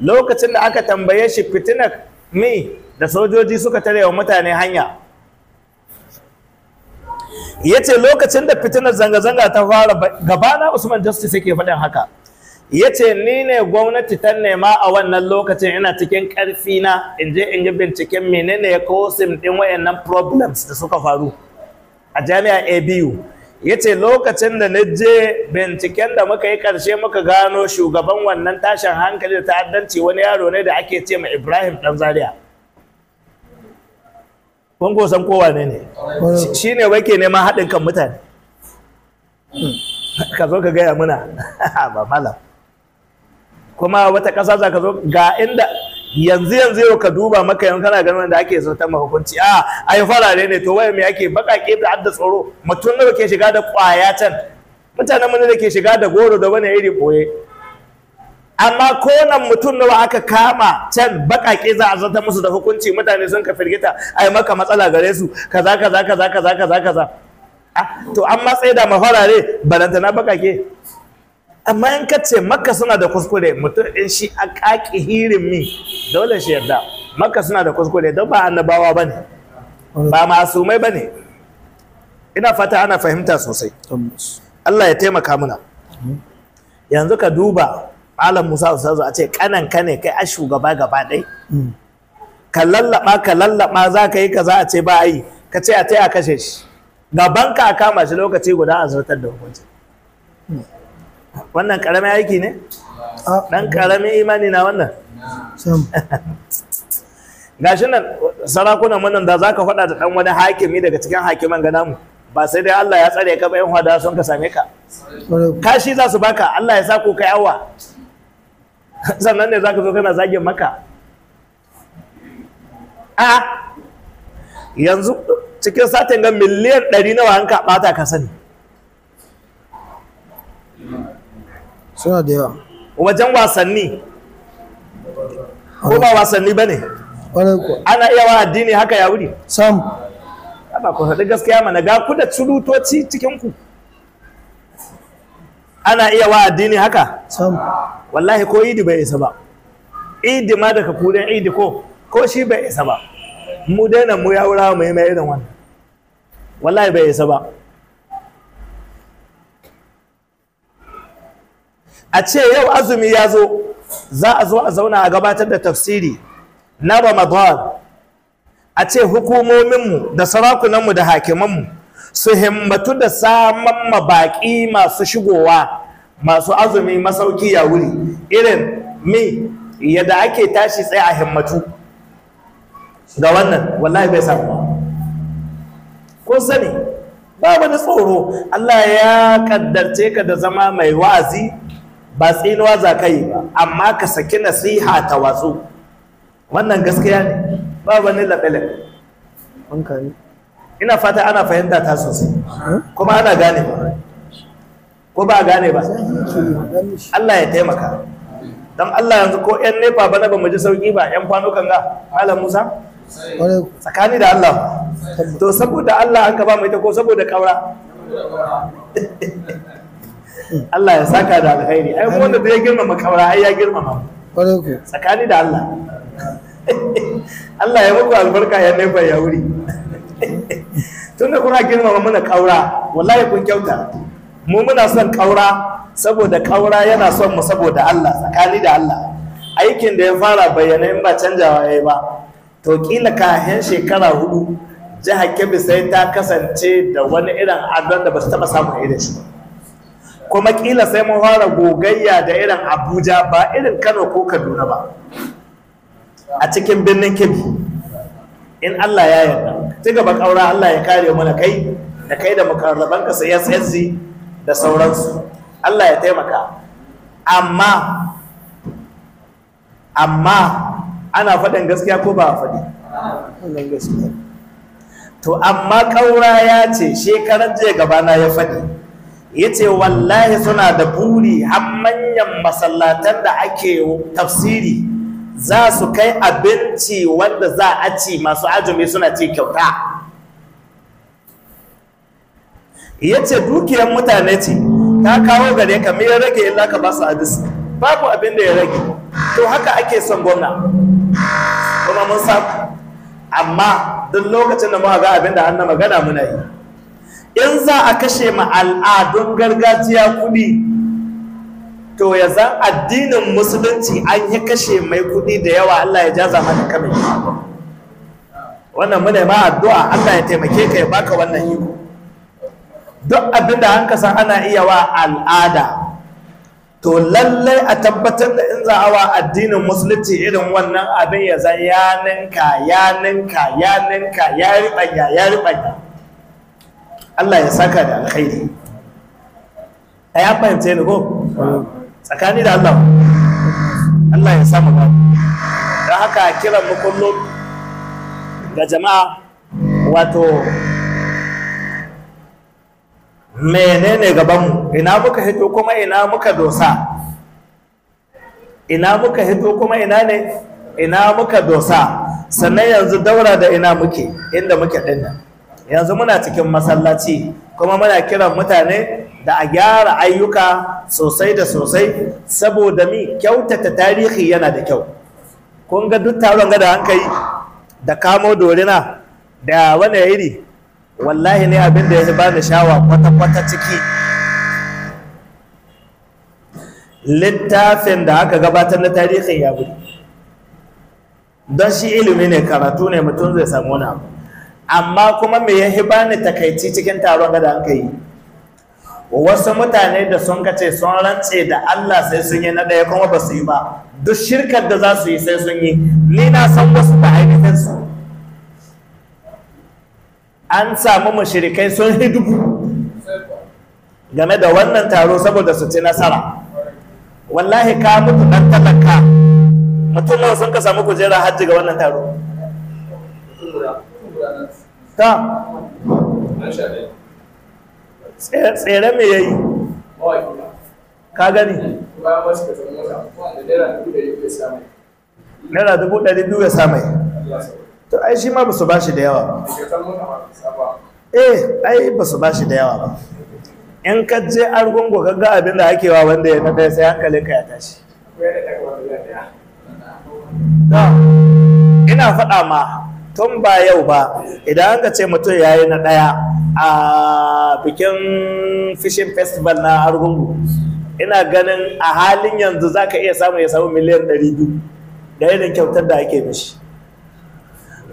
lokacin da aka tambaye shi fitinar me da sojoji suka tare wa mutane hanya ya ce lokacin da fitinar zanga-zanga ta fara gabana usman justice yake faɗin haka ya ce ni ne gwamnati ta nema a wannan lokacin ina cikin ƙarfi na in je in yi binciken menene ya kawo sim ɗin wayannan problems da suka faru a jami'a abu ya ce lokacin da na je binciken da muka yi ƙarshe muka gano shugaban wannan tashin hankali da ta'addanci wani yaro ne da ake ce ma ibrahim ɗan zaria kun kusan kowa ne ne shi ne wake neman haɗin kan mutane hmm. ka zo ka gaya muna ba malam kuma wata ƙasa za ka zo ga inda yanzu yanzu yau ka duba maka yanzu kana ganin da ake ma hukunci, a ah, ai farare ne to waye me ake bakake da adda tsoro mutum nawa ke shiga da kwaya can mutanen mun da ke shiga da goro da wani iri boye amma ko nan mutum nawa aka kama can bakake za a zartar musu da hukunci mutane sun ka firgita ai maka matsala gare su kaza kaza kaza kaza kaza kaza ah, to an matsayi da mafarare na bakake amma in ka ce maka suna da kuskure mutum in shi a kaki hirin mi dole shi yarda makka suna da kuskure don ba annabawa ba ne ba mai ba ne ina fata ana fahimta sosai Allah ya taimaka muna yanzu ka duba malam musa usazu a ce kanan ka ne kai a shugaba gaba ɗai mm. ka lallaba ka lallaba za ka yi kaza a ce ba a yi ka ce a a kashe shi gaban ka kama shi lokaci guda a zartar da hukunci mm. wannan karamin aiki ne dan ah. karamin imani na wannan gashin nan sarakunan manan da zaka faɗa da ɗan wani hakimi daga cikin hakiman ga namu ba sai dai Allah ya tsare ka ba yan hada sun ka same ka kashi za su baka Allah ya sa ku kai awa sannan ne zaka zo kana zagin maka a yanzu cikin satin ga miliyan ɗari nawa an ka ɓata ka sani suna da yawa wajen wasanni ko ba wasanni ba ne ana iya wa addini haka ya wuri sam ba ku faɗi gaskiya mana ga ku da surutoci cikin ku ana iya wa addini haka sam wallahi ko idi bai isa ba idi ma daga kudin idi ko ko shi bai isa ba mu daina mu ya wura mu yi mai irin wannan wallahi bai isa ba a ce yau azumi ya zo za a zo a zauna a gabatar da tafsiri na Ramadan a ce hukumominmu da sarakunanmu da hakimanmu su himmatu da saman baƙi masu shigowa masu azumi masauki ya wuri irin mi yadda ake tashi tsaye a himmatu ga wannan wallahi bai samu ko sani babu da tsoro Allah ya kaddarce ka da zama mai wa'azi ba tsinuwa za ka yi ba amma ka saki nasiha ta watsu wannan gaskiya ne ba wani laɓe ina fata ana fahimta ta sosai kuma ana gane ba ko ba gane ba Allah ya taimaka don Allah yanzu ko 'yan nefa bana ba mu ji sauƙi ba 'yan kan ga malam musa tsakani da Allah to saboda Allah an ka ba mai ta ko saboda kaura Allah ya saka da alkhairi ai wanda da ya girmama kabara ai ya girmama tsakani da Allah Allah ya muku albarka ya nefa ya wuri tun da kuna girmama muna kaura wallahi kun kyauta mu muna son kaura saboda kaura yana son mu saboda Allah tsakani da Allah aikin da ya fara bayyana in ba canjawa yayi ba to kila kahin shekara hudu jihar Kebbi sai ta kasance da wani irin adon da ba su taba samun irin shi ba kuma kila sai mun fara gogayya da irin abuja ba irin kano ko kaduna ba a cikin birnin kebbi in allah ya yarda ci gaba kaura allah ya kare mana kai da kai da makarraban ka sai yassi da sauransu allah ya taimaka amma amma ana faɗin gaskiya ko ba a faɗi to amma kaura ya ce shekarar jiya gabana ya faɗi ya ce wallahi suna da buri har manyan masallatan da ake tafsiri za su kai abinci wanda za a ci masu ajumi suna ci kyauta ya ce dukiyar mutane ce ta kawo gare ka mai ya rage illa ka ba su hadisi babu abin da ya rage to haka ake son gwamna kuma mun sa, amma duk lokacin da muka ga abin da an magana muna yi in za a kashe ma al'adun gargajiya kuɗi to ya zan addinin musulunci an yi kashe mai kuɗi da yawa Allah ya jaza mana kamar wannan muna ma addu'a Allah ya taimake ka ya baka wannan iko duk abin da an san ana iya wa al'ada to lallai a tabbatar da in za a wa addinin musulunci irin wannan abin ya zan ya ninka ya ninka ya ya riɓanya ya riɓanya Allah ya saka da alkhairi a ya fahimta ni ko tsakani da Allah Allah ya samu ba don haka kiran mu ga jama'a wato menene gabanmu ina muka hito kuma ina muka dosa ina muka hito kuma ina ne ina muka dosa sannan yanzu daura da ina muke inda muke dinnan yanzu muna cikin masallaci kuma muna kiran mutane da a gyara ayyuka sosai da sosai saboda mi kyautata tarihi yana da kyau kun ga duk taron gada an kai da kamo dorina da wani iri wallahi ne abin da ya ba da shawa kwata-kwata ciki littafin da aka gabatar na tarihin ya don shi ilimi ne karatu ne mutum zai samu wani abu amma kuma me ya bani takaici cikin taron da an kai wasu mutane da sun kace sun rantse da Allah sai sun yi na ɗaya kuma ba su yi ba duk shirkar da za su yi sai sun yi ni na san wasu da ainihin su an samu mashirikai sun yi dubu game da wannan taro saboda su ci nasara wallahi ka mutu dan talaka mutum sun ka samu kujerar hajji ga wannan taro ta tsere mai yayi ka gani naira dubu ɗari biyu ya samai to ai shi ma ba su ba shi da yawa ba eh ai ba su ba shi da yawa ba in ka je argungu ka ga abin da ake wa wanda ya nada sai hankalinka ya tashi ina faɗa ma tun ba yau ba idan aka ce mutum ya yi na ɗaya a bikin fishing festival na argungu ina ganin a halin yanzu za ka iya samu ya samu miliyan 200 da irin kyautar da ake mishi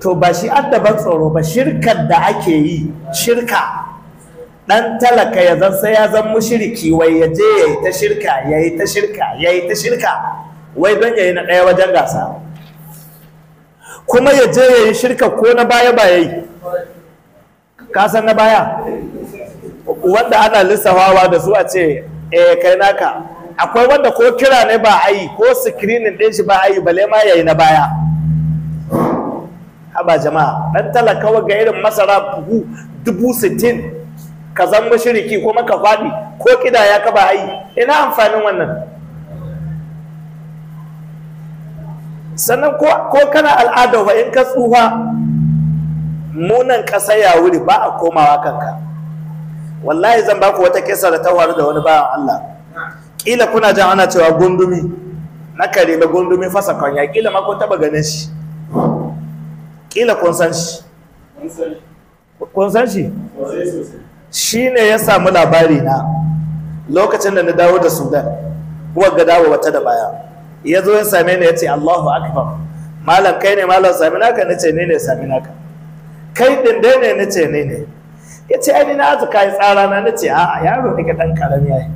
to ba shi addaban tsoro ba shirkar da ake yi shirka ɗan talaka ya zan sai ya zan mushiriki wai ya je ya yi ta shirka ya yi ta shirka ya yi ta shirka wai don ya yi na ɗaya wajen gasa kuma ya je ya yi shirka ko na baya ba ya yi kasan na baya wanda ana lissafawa da su a ce eh kai naka akwai wanda ko kira ne ba a yi ko sikirinin din shi ba a yi bale ma ya yi na baya haba jama'a ɗan talakawa ga irin masara buhu dubu sittin ka zama shiriki kuma ka faɗi ko kidaya ka ba a yi ina amfanin wannan sannan ko kana al'ada ba in ka tsufa munan ƙasa ya wuri ba a komawa kanka wallahi zan baku wata kisa da ta faru da wani bayan Allah kila kuna jan ana cewa gundumi na kare da gundumi fasa kwanya kila ma kun taba ganin shi kila kun san shi kun san shi ne ya samu labari na lokacin da na dawo da Sudan kuwa ga dawo wata da baya ya zo ya same ni ya ce Allahu akbar malam kai ne malam sami naka nace ne ne sami naka kai din dai ne nace ne ne ya ce ai na azuka yi tsara na nace a'a yaro ne ka dan karami ai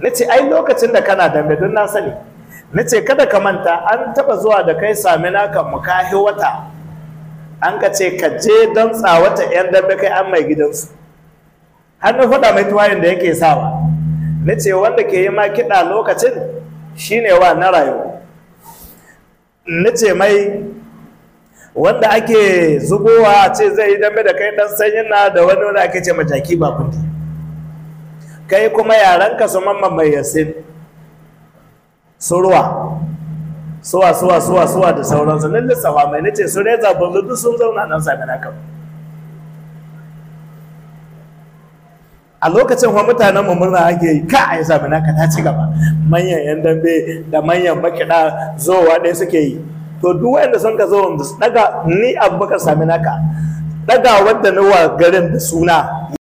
nace ai lokacin da kana dambe don na sani nace kada ka manta an taba zuwa da kai sami naka mu wata an ka ce ka je dantsa tsawata yan dambe kai an mai gidansu har faɗa mai tuwayin da yake sawa na ce wanda ke yi ma kiɗa lokacin shi ne wa na rayuwa na ce mai wanda ake zubowa ce zai yi dambe da kai dan sanyin na da wani wanda ake ce mataki ba kudi kai kuma yaranka su mamman mai yasin su ruwa suwa suwa suwa suwa da sauransu nan lissawa mai nace su reza bulu sun zauna nan sami kawai a lokacin kuma mutanen mu murna ake yi ka yi yi naka ta ci gaba manyan yan dambe da manyan makiɗa zowa ɗaya suke yi to duk wanda sun ka zo wanda daga ni abubakar sami naka daga wanda na wa garin da suna